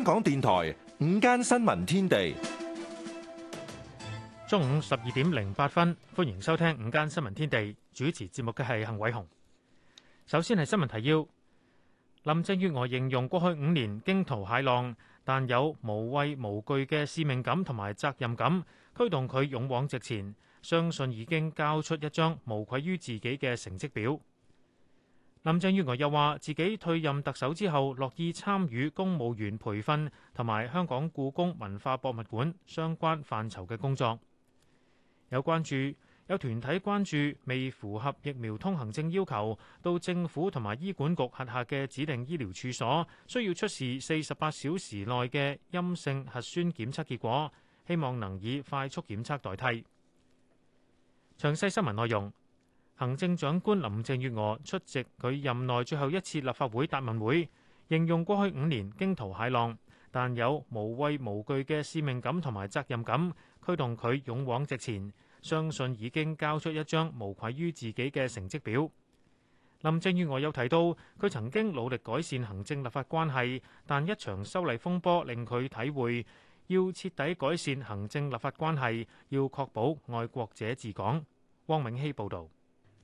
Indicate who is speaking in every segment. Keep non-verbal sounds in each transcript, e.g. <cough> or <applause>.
Speaker 1: 香港電台午間新聞天地，中午十二點零八分，歡迎收聽午間新聞天地。主持節目嘅係幸偉雄。首先係新聞提要。林鄭月娥形容過去五年驚濤駭浪，但有無畏無懼嘅使命感同埋責任感，推動佢勇往直前。相信已經交出一張無愧於自己嘅成績表。林鄭月娥又話：自己退任特首之後，樂意參與公務員培訓同埋香港故宮文化博物館相關範疇嘅工作。有關注，有團體關注未符合疫苗通行證要求，到政府同埋醫管局轄下嘅指定醫療處所，需要出示四十八小時內嘅陰性核酸檢測結果，希望能以快速檢測代替。詳細新聞內容。行政長官林鄭月娥出席佢任內最後一次立法會答問會，形容過去五年驚濤駭浪，但有無畏無懼嘅使命感同埋責任感驅動佢勇往直前，相信已經交出一張無愧於自己嘅成績表。林鄭月娥又提到，佢曾經努力改善行政立法關係，但一場修例風波令佢體會要徹底改善行政立法關係，要確保愛國者治港。汪永熙報導。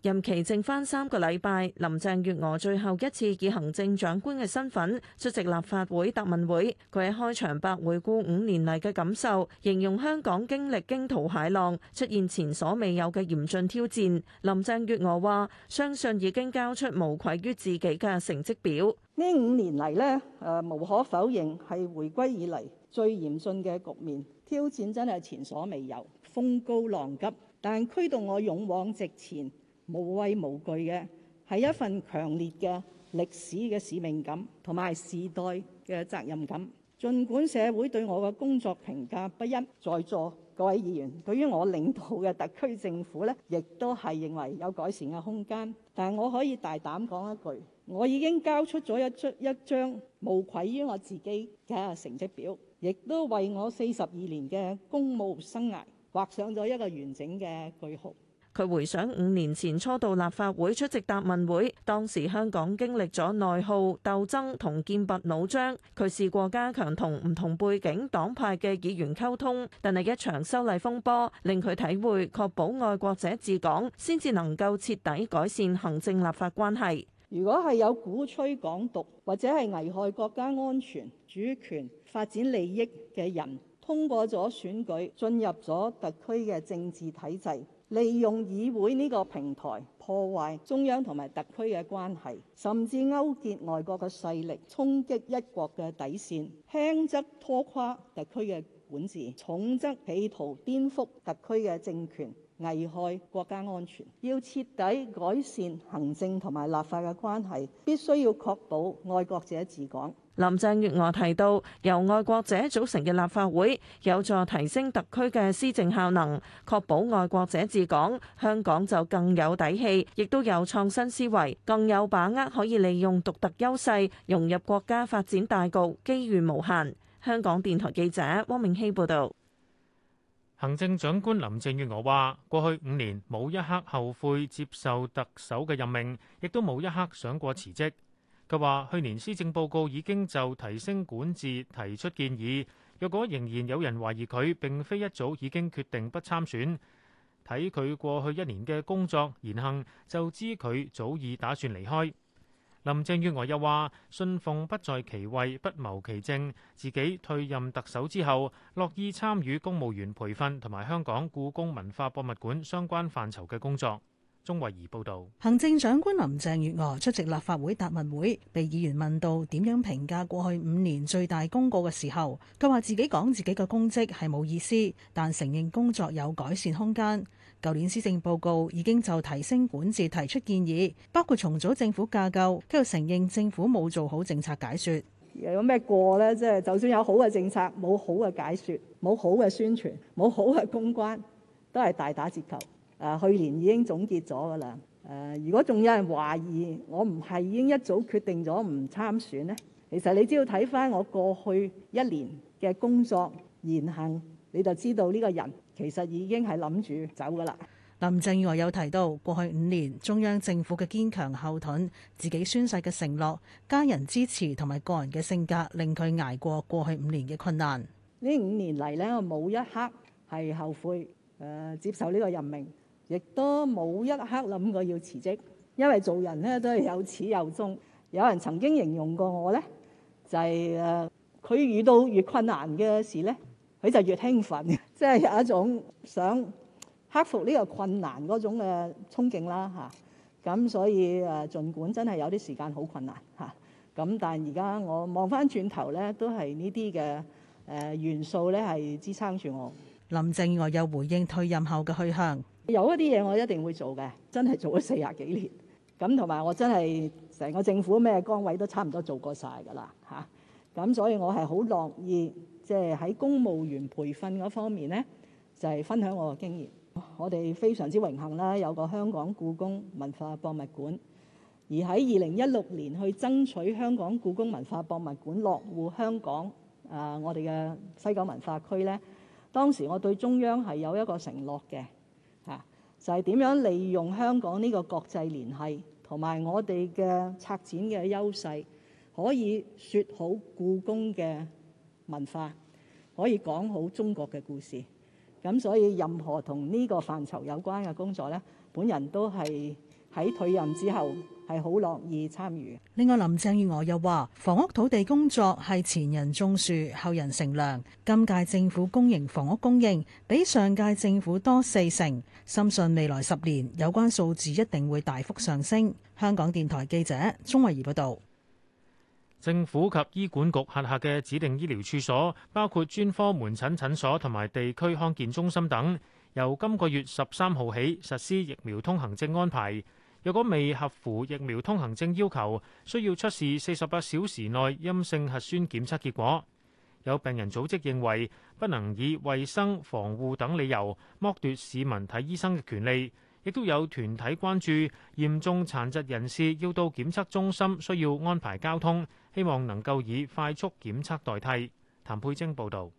Speaker 2: 任期剩返三個禮拜，林鄭月娥最後一次以行政長官嘅身份出席立法會答問會。佢喺開場白回顧五年嚟嘅感受，形容香港經歷驚濤駭浪，出現前所未有嘅嚴峻挑戰。林鄭月娥話：相信已經交出無愧於自己嘅成績表。
Speaker 3: 呢五年嚟呢，誒無可否認係回歸以嚟最嚴峻嘅局面，挑戰真係前所未有，風高浪急，但驅動我勇往直前。無畏無懼嘅，係一份強烈嘅歷史嘅使命感，同埋時代嘅責任感。儘管社會對我嘅工作評價不一，在座各位議員對於我領導嘅特區政府呢，亦都係認為有改善嘅空間。但我可以大膽講一句，我已經交出咗一張一張無愧於我自己嘅成績表，亦都為我四十二年嘅公務生涯劃上咗一個完整嘅句號。
Speaker 2: 佢回想五年前初到立法會出席答問會，當時香港經歷咗內耗、鬥爭同劍拔弩張。佢試過加強同唔同背景黨派嘅議員溝通，但係一場修例風波令佢體會，確保愛國者治港先至能夠徹底改善行政立法關係。
Speaker 3: 如果係有鼓吹港獨或者係危害國家安全、主權、發展利益嘅人通過咗選舉進入咗特區嘅政治體制，利用議會呢個平台，破壞中央同埋特區嘅關係，甚至勾結外國嘅勢力，衝擊一國嘅底線，輕則拖垮特區嘅管治，重則企圖顛覆特區嘅政權。危害國家安全，要徹底改善行政同埋立法嘅關係，必須要確保愛國者治港。
Speaker 2: 林鄭月娥提到，由愛國者組成嘅立法會，有助提升特區嘅施政效能，確保愛國者治港，香港就更有底氣，亦都有創新思維，更有把握可以利用獨特優勢，融入國家發展大局，機遇無限。香港電台記者汪明熙報導。
Speaker 1: 行政長官林鄭月娥話，過去五年冇一刻後悔接受特首嘅任命，亦都冇一刻想過辭職。佢話，去年施政報告已經就提升管治提出建議，若果仍然有人懷疑佢並非一早已經決定不參選，睇佢過去一年嘅工作言行，就知佢早已打算離開。林鄭月娥又話：信奉不在其位不謀其政，自己退任特首之後，樂意參與公務員培訓同埋香港故宮文化博物館相關範疇嘅工作。鍾慧儀報導。
Speaker 4: 行政長官林鄭月娥出席立法會答問會，被議員問到點樣評價過去五年最大功過嘅時候，佢話自己講自己嘅功績係冇意思，但承認工作有改善空間。舊年施政報告已經就提升管治提出建議，包括重組政府架構。都要承認政府冇做好政策解説。
Speaker 3: 有咩過呢？即係就算有好嘅政策，冇好嘅解説，冇好嘅宣傳，冇好嘅公關，都係大打折扣。誒，去年已經總結咗㗎喇。誒，如果仲有人懷疑我唔係已經一早決定咗唔參選呢？其實你只要睇返我過去一年嘅工作言行，你就知道呢個人。其實已經係諗住走
Speaker 4: 㗎喇。林鄭月娥有提到，過去五年中央政府嘅堅強後盾、自己宣誓嘅承諾、家人支持同埋個人嘅性格，令佢捱過過去五年嘅困難。
Speaker 3: 呢五年嚟呢，我冇一刻係後悔，誒、呃、接受呢個任命，亦都冇一刻諗過要辭職，因為做人呢都係有始有終。有人曾經形容過我呢，就係、是、誒，佢、呃、遇到越困難嘅事呢。你就越興奮，即係有一種想克服呢個困難嗰種嘅憧憬啦嚇。咁、啊、所以誒、啊，儘管真係有啲時間好困難嚇，咁、啊、但係而家我望翻轉頭咧，都係呢啲嘅
Speaker 4: 誒元素咧係支撐住我。林鄭外有回應退任後嘅去向，
Speaker 3: 有一啲嘢我一定會做嘅，真係做咗四廿幾年。咁同埋我真係成個政府咩崗位都差唔多做過晒㗎啦嚇。咁、啊、所以我係好樂意。即係喺公務員培訓嗰方面咧，就係、是、分享我嘅經驗， <noise> 我哋非常之榮幸啦，有個香港故宮文化博物館，而喺二零一六年去爭取香港故宮文化博物館落戶香港啊，我哋嘅西九文化區咧，當時我對中央係有一個承諾嘅吓、啊，就係、是、點樣利用香港呢個國際聯繫同埋我哋嘅策展嘅優勢，可以說好故宮嘅。文化可以講好中國嘅故事，咁所以任何同呢個範疇有關嘅工作咧，本人都係喺退任之後，係好樂意
Speaker 4: 參與。另外，林鄭月娥又話房屋土地工作係前人種樹後人乘涼，今屆政府公營房屋供應比上屆政府多四成，深信未來十年有關數字一定會大幅上升。香港電台記者鍾慧儀報道。
Speaker 1: 政府及醫管局轄下嘅指定醫療處所，包括專科門診診所同埋地區康健中心等，由今個月十三號起實施疫苗通行證安排。如果未合乎疫苗通行證要求，需要出示四十八小時內陰性核酸檢測結果。有病人組織認為，不能以衛生防護等理由剝奪市民睇醫生嘅權利。亦都有團體關注，嚴重殘疾人士要到檢測中心需要安排交通。希望能夠以快速檢測代替。譚佩晶報導。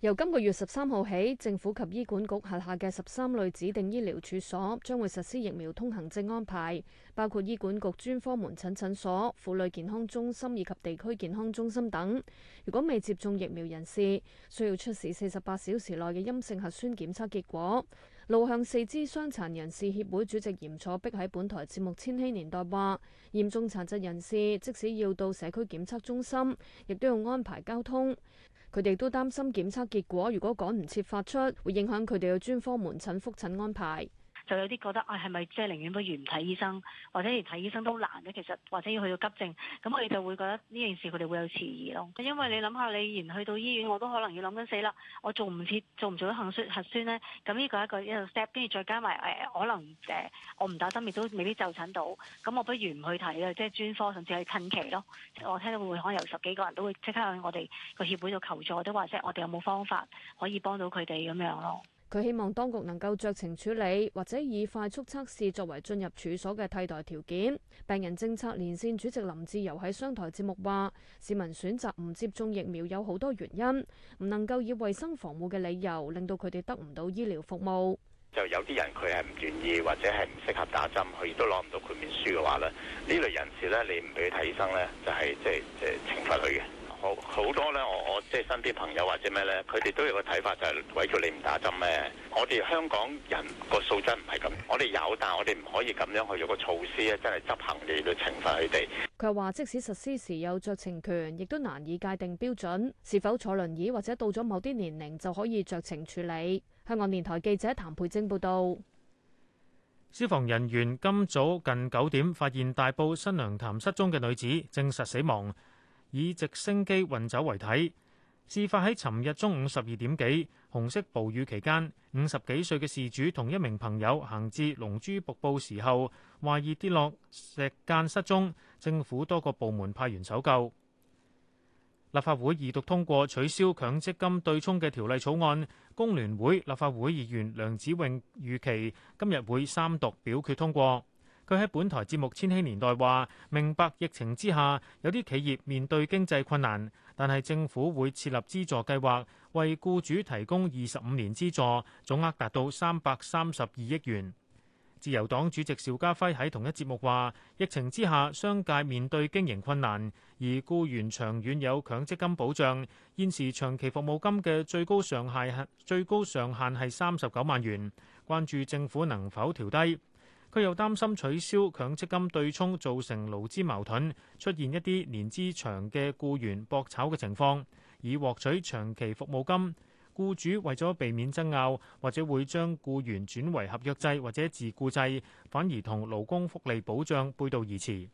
Speaker 5: 由今個月十三號起，政府及醫管局轄下嘅十三類指定醫療處所將會實施疫苗通行證安排，包括醫管局專科門診診所、婦女健康中心以及地區健康中心等。如果未接種疫苗人士，需要出示四十八小時內嘅陰性核酸檢測結果。路向四肢傷殘人士協會主席嚴楚碧喺本台節目《千禧年代》話：嚴重殘疾人士即使要到社區檢測中心，亦都要安排交通。佢哋都擔心檢測結果如果趕唔切發出，會影響佢哋嘅專科門診復診安排。
Speaker 4: 就有啲覺得啊，係咪即係寧願不如唔睇醫生，或者連睇醫生都難嘅？其實或者要去到急症，咁我哋就會覺得呢件事佢哋會有遲疑咯。因為你諗下，你連去到醫院我都可能要諗緊死啦，我做唔切，做唔做得核酸核酸咧？咁呢個係一個一個 step，跟住再加埋誒、呃，可能誒、呃、我唔打針亦都未必就診到，咁我不如唔去睇啦，即係專科甚至係近期咯。我聽到會，會可能有十幾個人都會即刻去我哋個協會度求助，都話我哋有冇方法可以幫到佢哋咁樣咯。
Speaker 5: 佢希望當局能夠酌情處理，或者以快速測試作為進入處所嘅替代條件。病人政策連線主席林志游喺商台節目話，市民選擇唔接種疫苗有好多原因，唔能夠以衛生防護嘅理由令到佢哋得唔到醫療服務。
Speaker 6: 就有啲人佢係唔願意或者係唔適合打針，佢亦都攞唔到豁免書嘅話呢，呢類人士呢，
Speaker 1: 你唔俾佢睇醫生呢，就係即係即係懲罰佢嘅。就是就是好多咧，我我即係身邊朋友或者咩咧，佢哋都有個睇法、就是，叫就係鬼叫你唔打針咩，我哋香港人個素質唔係咁，我哋有，但係我哋唔可以咁樣去做個措施啊，真係執行你都懲罰佢哋。
Speaker 5: 佢話即使實施時有酌情權，亦都難以界定標準，是否坐輪椅或者到咗某啲年齡就可以酌情處理。香港電台記者譚佩貞報道。
Speaker 1: 消防人員今早近九點發現大埔新娘潭失蹤嘅女子證實死亡。以直升機運走遺體，事發喺尋日中午十二點幾，紅色暴雨期間，五十幾歲嘅事主同一名朋友行至龍珠瀑布時候，懷疑跌落石澗失蹤，政府多個部門派員搜救。立法會二讀通過取消強積金對沖嘅條例草案，工聯會立法會議員梁子穎預期今日會三讀表決通過。佢喺本台節目《千禧年代》話：明白疫情之下有啲企業面對經濟困難，但係政府會設立資助計劃，為僱主提供二十五年資助，總額達到三百三十二億元。自由黨主席邵家輝喺同一節目話：疫情之下，商界面對經營困難，而僱員長遠有強積金保障，現時長期服務金嘅最高上限係最高上限係三十九萬元，關注政府能否調低。佢又擔心取消強積金對沖造成勞資矛盾，出現一啲年資長嘅僱員博炒嘅情況，以獲取長期服務金。僱主為咗避免爭拗，或者會將僱員轉為合約制或者自僱制，反而同勞工福利保障背道而馳。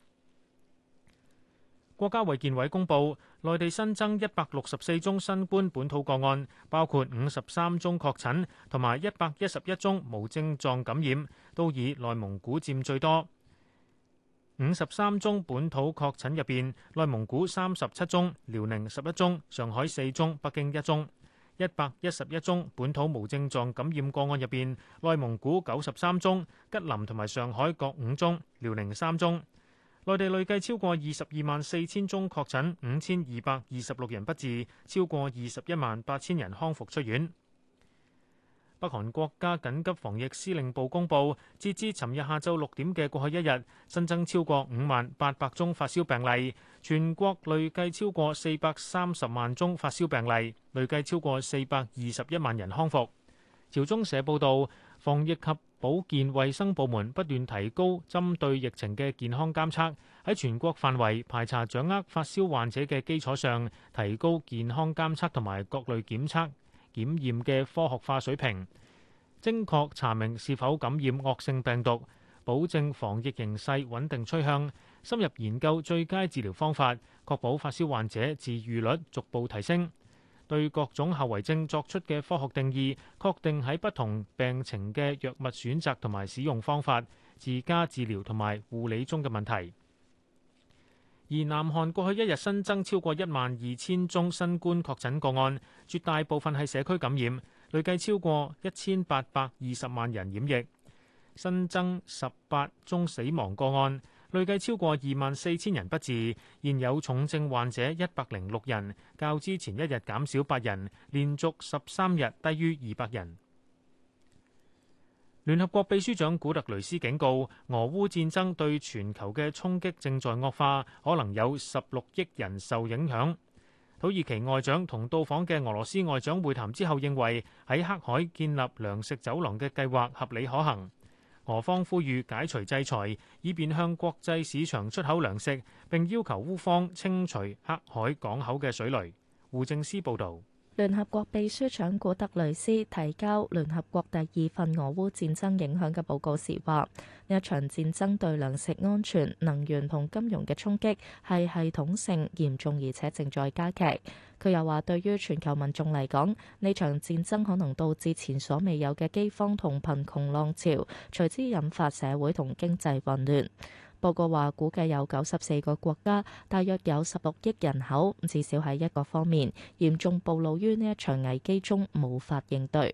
Speaker 1: 國家衛健委公佈，內地新增一百六十四宗新冠本土個案，包括五十三宗確診同埋一百一十一宗無症狀感染，都以內蒙古佔最多。五十三宗本土確診入邊，內蒙古三十七宗，遼寧十一宗，上海四宗，北京一宗。一百一十一宗本土無症狀感染個案入邊，內蒙古九十三宗，吉林同埋上海各五宗，遼寧三宗。內地累計超過二十二萬四千宗確診，五千二百二十六人不治，超過二十一萬八千人康復出院。北韓國家緊急防疫司令部公佈，截至尋日下晝六點嘅過去一日，新增超過五萬八百宗發燒病例，全國累計超過四百三十萬宗發燒病例，累計超過四百二十一萬人康復。朝中社報道，防疫及保健衛生部門不斷提高針對疫情嘅健康監測，喺全國範圍排查掌握發燒患者嘅基礎上，提高健康監測同埋各類檢測、檢驗嘅科學化水平，精確查明是否感染惡性病毒，保證防疫形勢穩定趨向。深入研究最佳治療方法，確保發燒患者治癒率逐步提升。對各種後遺症作出嘅科學定義，確定喺不同病情嘅藥物選擇同埋使用方法、自家治療同埋護理中嘅問題。而南韓過去一日新增超過一萬二千宗新冠確診個案，絕大部分係社區感染，累計超過一千八百二十萬人染疫，新增十八宗死亡個案。累計超過二萬四千人不治，現有重症患者一百零六人，較之前一日減少八人，連續十三日低於二百人。聯合國秘書長古特雷斯警告，俄烏戰爭對全球嘅衝擊正在惡化，可能有十六億人受影響。土耳其外長同到訪嘅俄羅斯外長會談之後，認為喺黑海建立糧食走廊嘅計劃合理可行。俄方呼籲解除制裁，以便向國際市場出口糧食，並要求烏方清除黑海港口嘅水雷。胡正思報道。
Speaker 7: 聯合國秘書長古特雷斯提交聯合國第二份俄烏戰爭影響嘅報告時，話呢場戰爭對糧食安全、能源同金融嘅衝擊係系統性嚴重，而且正在加劇。佢又話，對於全球民眾嚟講，呢場戰爭可能導致前所未有嘅飢荒同貧窮浪潮，隨之引發社會同經濟混亂。報告話，估計有九十四個國家，大約有十六億人口，至少喺一個方面嚴重暴露於呢一場危機中，無法應對。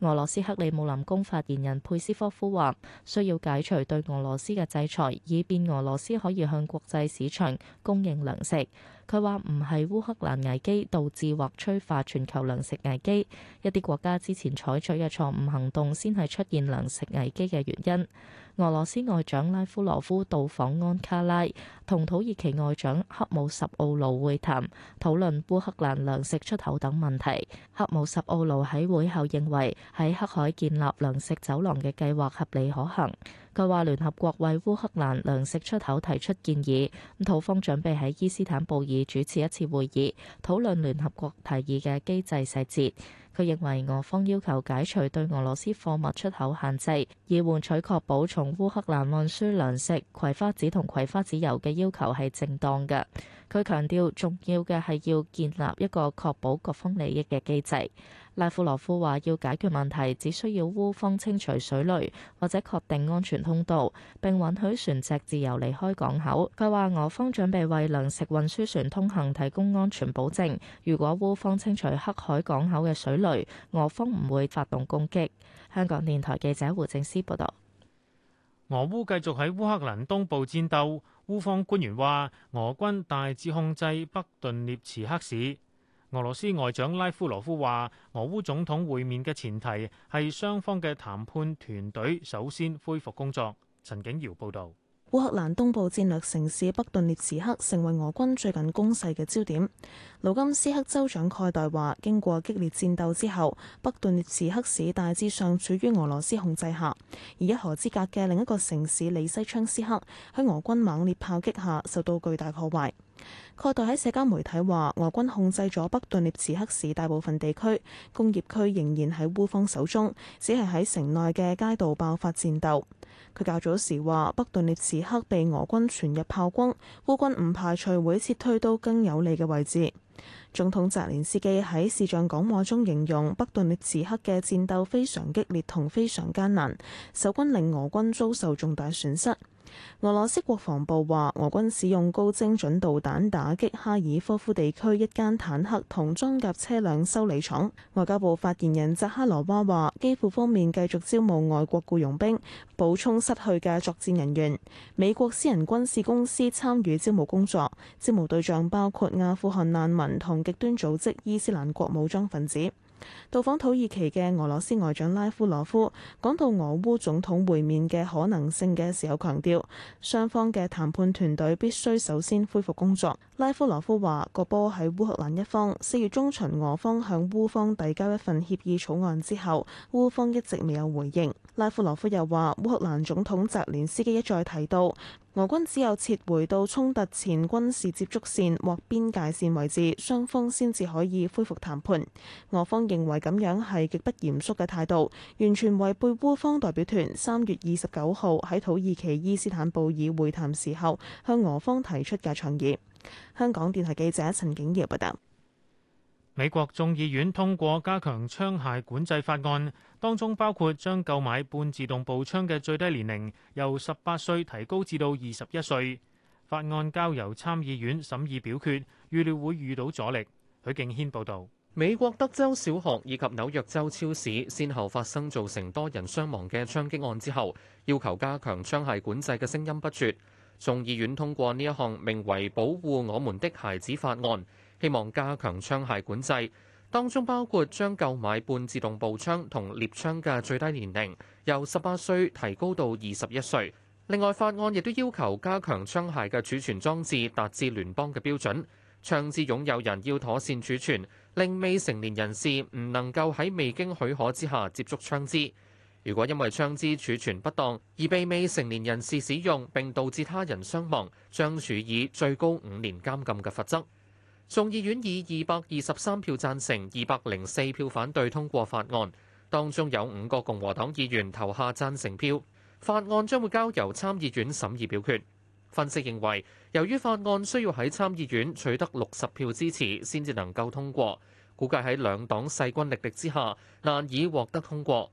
Speaker 7: 俄羅斯克里姆林宮發言人佩斯科夫話，需要解除對俄羅斯嘅制裁，以便俄羅斯可以向國際市場供應糧食。佢話唔係烏克蘭危機導致或催化全球糧食危機，一啲國家之前採取嘅錯誤行動先係出現糧食危機嘅原因。俄羅斯外長拉夫羅夫到訪安卡拉，同土耳其外長克姆什奧魯會談，討論烏克蘭糧食出口等問題。克姆什奧魯喺會後認為，喺黑海建立糧食走廊嘅計劃合理可行。佢話聯合國為烏克蘭糧食出口提出建議，土方準備喺伊斯坦布爾主持一次會議，討論聯合國提議嘅機制細節。佢認為俄方要求解除對俄羅斯貨物出口限制，以換取確保從烏克蘭運輸糧食、葵花籽同葵花籽油嘅要求係正當嘅。佢強調，重要嘅係要建立一個確保各方利益嘅機制。拉夫羅夫話：要解決問題，只需要烏方清除水雷，或者確定安全通道，並允許船隻自由離開港口。佢話：俄方準備為糧食運輸船通行提供安全保證。如果烏方清除黑海港口嘅水雷，俄方唔會發動攻擊。香港電台記者胡正思報道。
Speaker 1: 俄烏繼續喺烏克蘭東部戰鬥。烏方官員話：俄軍大致控制北頓涅茨克市。俄羅斯外長拉夫羅夫話：俄烏總統會面嘅前提係雙方嘅談判團隊首先恢復工作。陳景瑤報道，
Speaker 8: 烏克蘭東部戰略城市北頓涅茨克成為俄軍最近攻勢嘅焦點。盧甘斯克州長蓋代話：經過激烈戰鬥之後，北頓涅茨克市大致上處於俄羅斯控制下。而一河之隔嘅另一個城市里西昌斯克喺俄軍猛烈炮擊下受到巨大破壞。柯大喺社交媒體話：俄軍控制咗北頓涅茨克市大部分地區，工業區仍然喺烏方手中，只係喺城內嘅街道爆發戰鬥。佢較早時話：北頓涅茨克被俄軍全日炮轟，烏軍唔排除會撤退到更有利嘅位置。總統澤連斯基喺視像講話中形容北頓涅茨克嘅戰鬥非常激烈同非常艱難，守軍令俄軍遭受重大損失。俄羅斯國防部話，俄軍使用高精準導彈打擊哈爾科夫地區一間坦克同裝甲車輛修理廠。外交部發言人扎哈羅娃話，基輔方面繼續招募外國雇傭兵，補充失去嘅作戰人員。美國私人軍事公司參與招募工作，招募對象包括阿富汗難民同極端組織伊斯蘭國武裝分子。到訪土耳其嘅俄羅斯外長拉夫羅夫講到俄烏總統會面嘅可能性嘅時候強調，強調雙方嘅談判團隊必須首先恢復工作。拉夫羅夫話，個波喺烏克蘭一方，四月中旬俄方向烏方遞交一份協議草案之後，烏方一直未有回應。拉夫羅夫又話，烏克蘭總統澤連斯基一再提到。俄軍只有撤回到衝突前軍事接觸線或邊界線位置，雙方先至可以恢復談判。俄方認為咁樣係極不嚴肅嘅態度，完全違背烏方代表團三月二十九號喺土耳其伊斯坦布爾會談時候向俄方提出嘅倡議。香港電台記者陳景瑤報道。
Speaker 1: 美國眾議院通過加強槍械管制法案。當中包括將購買半自動步槍嘅最低年齡由十八歲提高至到二十一歲。法案交由參議院審議表決，預料會遇到阻力。許敬軒報導。
Speaker 9: 美國德州小學以及紐約州超市先後發生造成多人傷亡嘅槍擊案之後，要求加強槍械管制嘅聲音不絕。眾議院通過呢一項名為《保護我們的孩子法案》，希望加強槍械管制。當中包括將購買半自動步槍同獵槍嘅最低年齡由十八歲提高到二十一歲。另外，法案亦都要求加強槍械嘅儲存裝置達至聯邦嘅標準，槍支擁有人要妥善儲存，令未成年人士唔能夠喺未經許可之下接觸槍支。如果因為槍支儲存不當而被未成年人士使用並導致他人傷亡，將處以最高五年監禁嘅罰則。眾議院以二百二十三票贊成、二百零四票反對通過法案，當中有五個共和黨議員投下贊成票。法案將會交由參議院審議表決。分析認為，由於法案需要喺參議院取得六十票支持先至能夠通過，估計喺兩黨勢均力敵之下，難以獲得通過。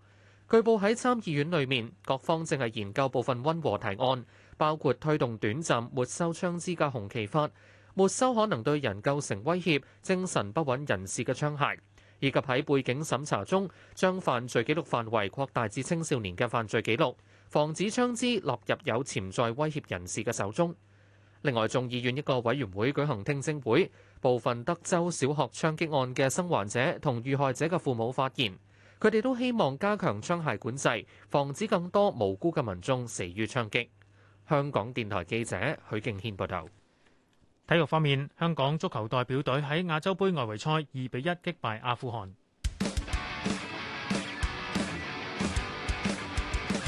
Speaker 9: 據報喺參議院裏面，各方正係研究部分溫和提案，包括推動短暫沒收槍支嘅紅旗法。沒收可能對人構成威脅、精神不穩人士嘅槍械，以及喺背景審查中將犯罪記錄範圍擴大至青少年嘅犯罪記錄，防止槍支落入有潛在威脅人士嘅手中。另外，眾議院一個委員會舉行聽證會，部分德州小學槍擊案嘅生還者同遇害者嘅父母發言，佢哋都希望加強槍械管制，防止更多無辜嘅民眾死於槍擊。香港電台記者許敬軒報道。
Speaker 1: 體育方面，香港足球代表隊喺亞洲盃外圍賽二比一擊敗阿富汗。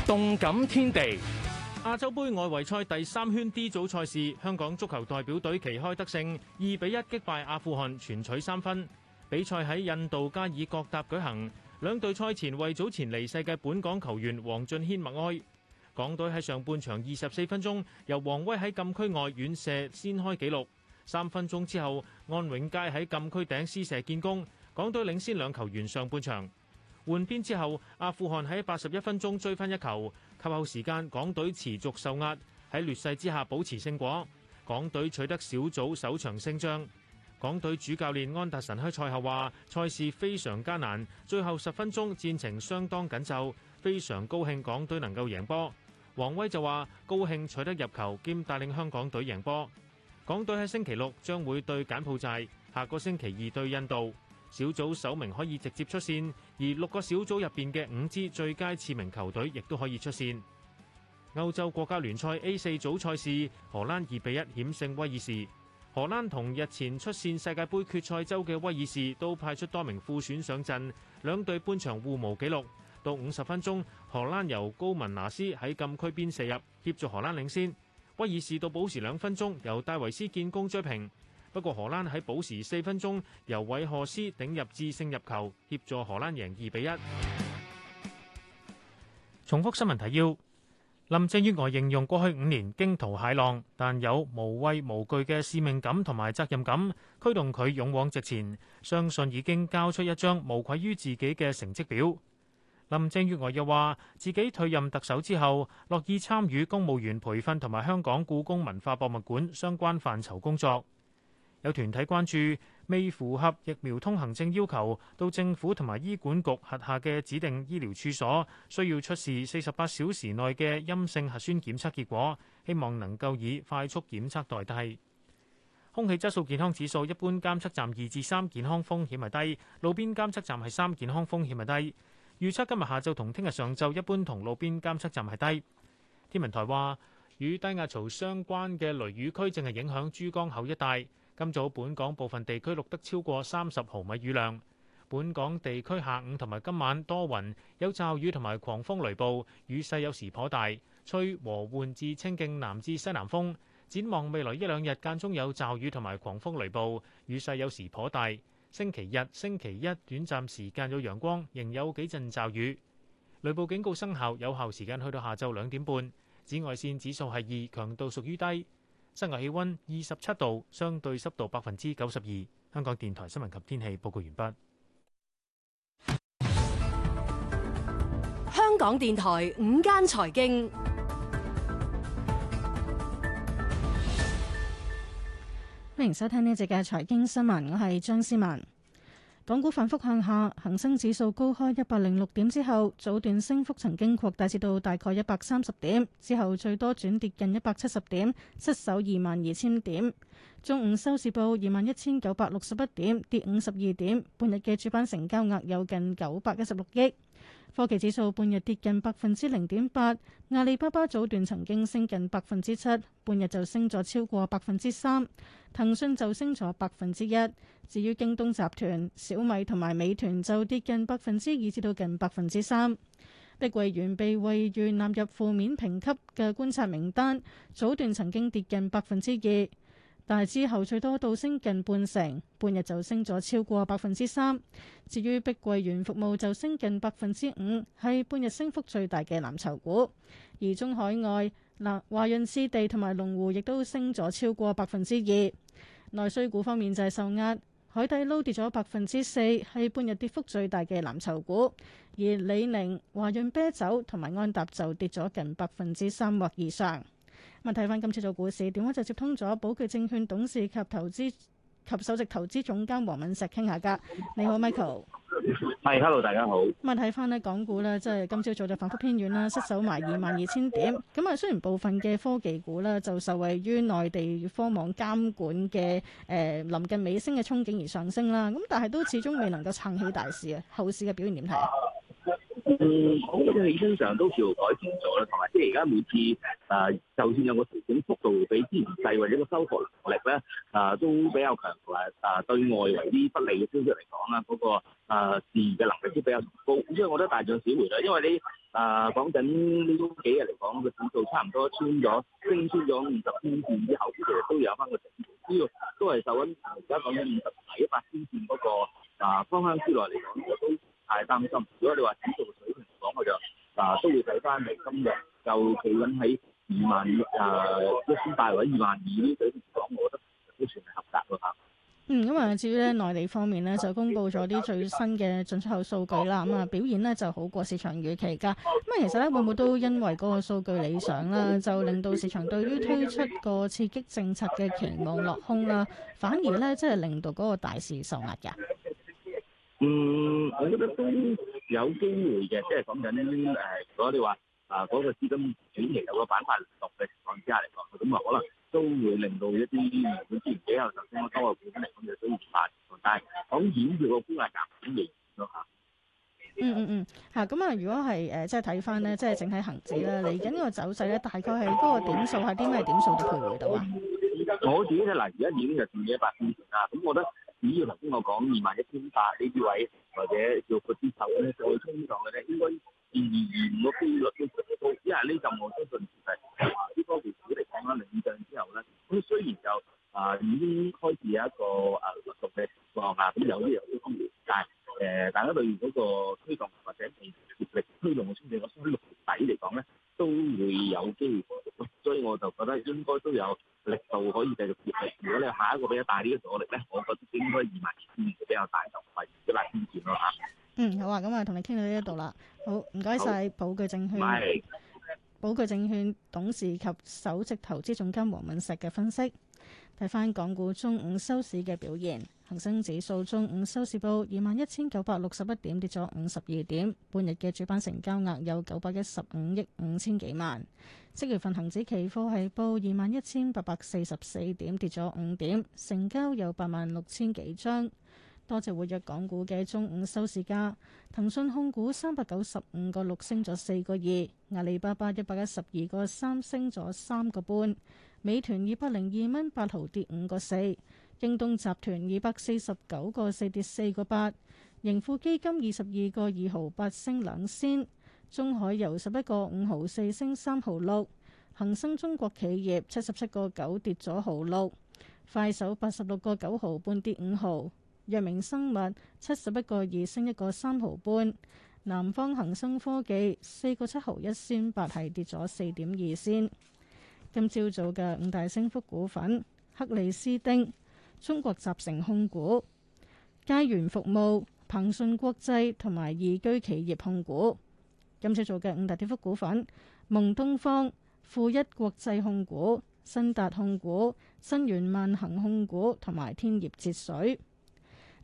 Speaker 1: 動感天地，亞洲盃外圍賽第三圈 D 組賽事，香港足球代表隊旗開得勝，二比一擊敗阿富汗，全取三分。比賽喺印度加爾各答舉行，兩隊賽前為早前離世嘅本港球員黃俊謙默哀。港隊喺上半場二十四分鐘，由王威喺禁區外遠射先開紀錄。三分鐘之後，安永佳喺禁區頂施射建功，港隊領先兩球。完上半場，換邊之後，阿富汗喺八十一分鐘追翻一球。及後時間，港隊持續受壓，喺劣勢之下保持勝果。港隊取得小組首場勝仗。港隊主教練安達臣喺賽後話：賽事非常艱難，最後十分鐘戰情相當緊湊，非常高興港隊能夠贏波。王威就話：高興取得入球兼帶領香港隊贏波。港隊喺星期六將會對柬埔寨，下個星期二對印度。小組首名可以直接出線，而六個小組入邊嘅五支最佳次名球隊亦都可以出線。歐洲國家聯賽 A 四組賽事，荷蘭二比一險勝威爾士。荷蘭同日前出線世界盃決賽周嘅威爾士都派出多名副選上陣，兩隊半場互無紀錄。到五十分鐘，荷蘭由高文拿斯喺禁區邊射入，協助荷蘭領先。威爾士到保時兩分鐘，由戴維斯建功追平。不過荷蘭喺保時四分鐘，由韋賀斯頂入致勝入球，協助荷蘭贏二比一。重複新聞提要：林鄭月娥形容過去五年驚濤駭浪，但有無畏無懼嘅使命感同埋責任感驅動佢勇往直前，相信已經交出一張無愧於自己嘅成績表。林鄭月娥又話：自己退任特首之後，樂意參與公務員培訓同埋香港故宮文化博物館相關範疇工作。有團體關注未符合疫苗通行證要求到政府同埋醫管局轄下嘅指定醫療處所，需要出示四十八小時內嘅陰性核酸檢測結果。希望能夠以快速檢測代替。空氣質素健康指數一般監測站二至三，健康風險係低；路邊監測站係三，健康風險係低。預測今日下晝同聽日上晝一般同路邊監測站係低。天文台話，與低壓槽相關嘅雷雨區正係影響珠江口一帶。今早本港部分地區錄得超過三十毫米雨量。本港地區下午同埋今晚多雲，有驟雨同埋狂風雷暴，雨勢有時頗大，吹和緩至清勁南至西南風。展望未來一兩日間中有驟雨同埋狂風雷暴，雨勢有時頗大。星期日星期一，短暫時間有陽光，仍有幾陣驟雨。雷暴警告生效，有效時間去到下晝兩點半。紫外線指數係二，強度屬於低。室外氣溫二十七度，相對濕度百分之九十二。香港電台新聞及天氣報告完畢。
Speaker 7: 香港電台午間財經。
Speaker 10: 歡迎收聽呢一節嘅財經新聞，我係張思文。港股反復向下，恒生指數高開一百零六點之後，早段升幅曾經擴大至到大概一百三十點，之後最多轉跌近一百七十點，失守二萬二千點。中午收市報二萬一千九百六十一點，跌五十二點。半日嘅主板成交額有近九百一十六億。科技指數半日跌近百分之零點八，阿里巴巴早段曾經升近百分之七，半日就升咗超過百分之三，騰訊就升咗百分之一，至於京東集團、小米同埋美團就跌近百分之二至到近百分之三，碧桂園被惠譽納入負面評級嘅觀察名單，早段曾經跌近百分之二。但係之後最多到升近半成，半日就升咗超過百分之三。至於碧桂園服務就升近百分之五，係半日升幅最大嘅藍籌股。而中海外、嗱、華潤置地同埋龍湖亦都升咗超過百分之二。內需股方面就係受壓，海底撈跌咗百分之四，係半日跌幅最大嘅藍籌股。而李寧、華潤啤酒同埋安踏就跌咗近百分之三或以上。咁啊，睇翻今朝早股市，電話就接通咗保傑證券董事及投資及首席投資總監黃敏石傾下噶？你好，Michael。
Speaker 6: Hello，大家好。
Speaker 10: 咁啊，睇翻呢港股呢，即係今朝早就反覆偏軟啦，失守埋二萬二千點。咁啊，雖然部分嘅科技股呢，就受惠於內地科網監管嘅誒、呃、臨近尾聲嘅憧憬而上升啦，咁但係都始終未能夠撐起大市啊。後市嘅表現點睇啊？
Speaker 6: 嗯，咁你通常都朝改善咗啦，同埋即係而家每次啊，就算有個調整幅度比之前細，或者個收穫能力咧啊，都比較強，同埋啊對外圍啲不利嘅消息嚟講啦，嗰、那個啊自愈嘅能力都比較高。咁所以我覺得大漲小回啦，因為你啊講緊呢幾日嚟講個指數差唔多穿咗，升穿咗五十天線以後，呢度都有翻個成績，呢個都係受緊而家講緊五十喺一百天線嗰個啊方向之內嚟講，都太擔心。如果你話指數水平嚟講，佢就嗱都會睇翻，嚟今日就企穩喺二萬二，一千八或者二萬二呢水平講，我覺得都算
Speaker 10: 係合格咯嚇。嗯，咁啊至於咧內地方面咧就公布咗啲最新嘅進出口數據啦，咁啊表現咧就好過市場預期噶。咁啊其實咧會唔會都因為嗰個數據理想啦，就令到市場對於推出個刺激政策嘅期望落空啦，反而咧即係令到嗰個大市受壓嘅？嗯。
Speaker 6: 我覺得都有機會嘅，即係講緊誒，如果你話啊嗰個資金短期有個反彈落嘅情況之下嚟講，咁啊可能都會令到一啲唔管之前幾好，甚至我多個股翻嚟，咁就所以下跌。但係講掩住個沽壓減點嚟咯嚇。嗯
Speaker 10: 嗯嗯，嚇咁啊！如果係誒，即係睇翻咧，即係整體恆指咧嚟緊個走勢咧，大概係嗰個點數係啲咩點數嚟徘徊到啊？
Speaker 6: 我自己咧，嗱，而家已經就四一八點啊，咁我覺得。主要頭先我講二萬一千八呢啲位，或者叫擴張手咧，再衝上嘅咧，應該二二二五個機率都高，因為呢陣我相信係話啲科技股嚟講啦，領漲之後咧，咁雖然就啊已經開始有一個啊落俗嘅狀態，咁有啲有啲風險，但係誒，大家對嗰個推動或者未接力推動嘅衝勁，我相信六月底嚟講咧，都會有機會。我就覺得應該都有力度可以繼續接力。如果你下一個比較大啲嘅阻力呢，我
Speaker 10: 覺得應該二萬二千點比較大就唔係幾大天線咯嚇。嗯，好啊，咁啊同你傾到呢一度啦。好，唔該晒。寶具證券，寶具證券董事及首席投資總監黃敏石嘅分析。睇翻港股中午收市嘅表現，恒生指數中午收市報二萬一千九百六十一點，跌咗五十二點。半日嘅主板成交額有九百一十五億五千幾萬。七月份恒指期貨係報二萬一千八百四十四點，跌咗五點，成交有八萬六千幾張。多隻活躍港股嘅中午收市價，騰訊控股三百九十五個六升咗四個二，阿里巴巴一百一十二個三升咗三個半，美團二百零二蚊八毫跌五個四，京東集團二百四十九個四跌四個八，盈富基金二十二個二毫八升兩仙。中海油十一個五毫四升三毫六，恒生中國企業七十七個九跌咗毫六，快手八十六個九毫半跌五毫，藥明生物七十一個二升一個三毫半，南方恒生科技四個七毫一仙八係跌咗四點二仙。今朝早嘅五大升幅股份：克里斯丁、中國集成控股、佳源服務、鵬信國際同埋易居企業控股。今次做嘅五大跌幅股份：蒙東方、富一國際控股、新達控股、新源萬恒控股同埋天業節水。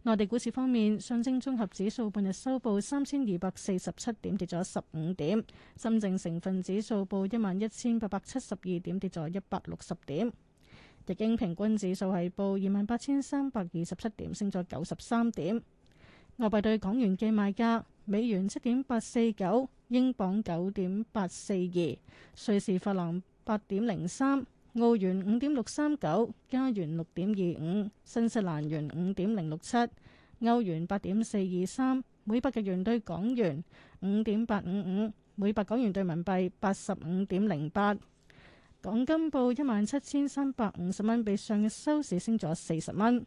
Speaker 10: 內地股市方面，上證綜合指數半日收報三千二百四十七點，跌咗十五點；深證成分指數報一萬一千八百七十二點，跌咗一百六十點；日經平均指數係報二萬八千三百二十七點，升咗九十三點。外幣對港元嘅賣價。美元七點八四九，英鎊九點八四二，瑞士法郎八點零三，澳元五點六三九，加元六點二五，新西蘭元五點零六七，歐元八點四二三，每百日元對港元五點八五五，55，每百港元對人民幣八十五點零八。港金報一萬七千三百五十蚊，比上日收市升咗四十蚊。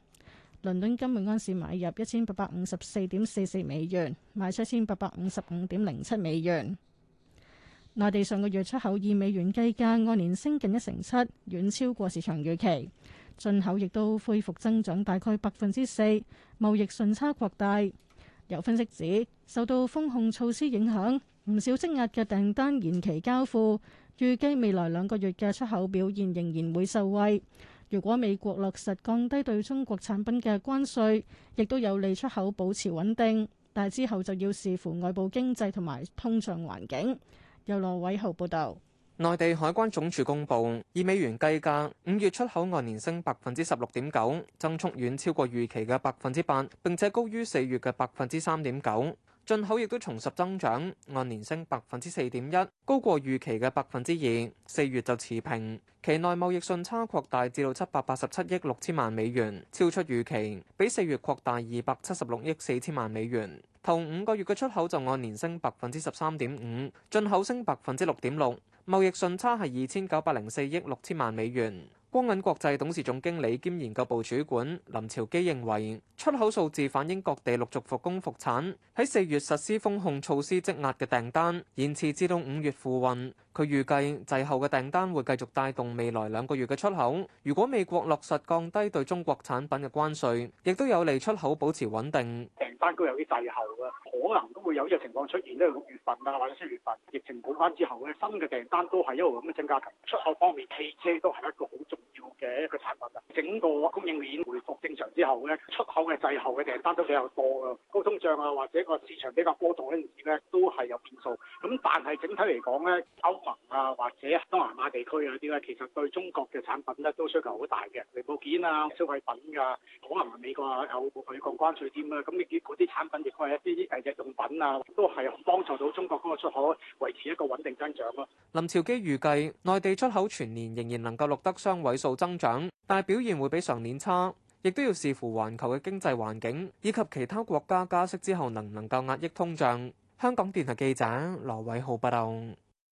Speaker 10: 倫敦金每安士買入一千八百五十四點四四美元，賣出一千八百五十五點零七美元。內地上個月出口以美元計價，按年升近一成七，遠超過市場預期。進口亦都恢復增長，大概百分之四，貿易順差擴大。有分析指，受到封控措施影響，唔少積壓嘅訂單延期交付，預計未來兩個月嘅出口表現仍然會受惠。如果美國落實降低對中國產品嘅關稅，亦都有利出口保持穩定，但之後就要視乎外部經濟同埋通脹環境。由羅偉豪報導，
Speaker 11: 內地海關總署公佈，以美元計價，五月出口按年升百分之十六點九，增速遠超過預期嘅百分之八，並且高於四月嘅百分之三點九。進口亦都重拾增長，按年升百分之四點一，高過預期嘅百分之二。四月就持平，期內貿易順差擴大至到七百八十七億六千萬美元，超出預期，比四月擴大二百七十六億四千萬美元。頭五個月嘅出口就按年升百分之十三點五，進口升百分之六點六，貿易順差係二千九百零四億六千萬美元。光銀國際董事總經理兼研究部主管林朝基認為，出口數字反映各地陸續復工復產，喺四月實施封控措施積壓嘅訂單，延遲至到五月付運。佢預計滯後嘅訂單會繼續帶動未來兩個月嘅出口。如果美國落實降低對中國產品嘅關稅，亦都有利出口保持穩定。
Speaker 6: 訂單都有啲滯後嘅，可能都會有呢個情況出現呢。六月份啊，或者七月份，疫情好翻之後咧，新嘅訂單都係一路咁樣增加。出口方面，汽車都係一個好重要嘅一個產品啊。整個供應鏈回復正常之後咧，出口嘅滯後嘅訂單都比較多啊。高通脹啊，或者個市場比較波動嗰陣時咧，都係有變數。咁但係整體嚟講咧，啊，或者東南亞地區嗰啲咧，其實對中國嘅產品咧都需求好大嘅零部件啊、消費品㗎，啊，可能係美國有美國關稅添啊。咁亦佢嗰啲產品亦都係一啲誒日用品啊，都係幫助到中國嗰個出口維持一個穩定增長咯，
Speaker 11: 啊。林朝基預計內地出口全年仍然能夠錄得雙位數增長，但係表現會比上年差，亦都要視乎環球嘅經濟環境以及其他國家加息之後能唔能夠壓抑通脹。香港電台記者羅偉浩報道。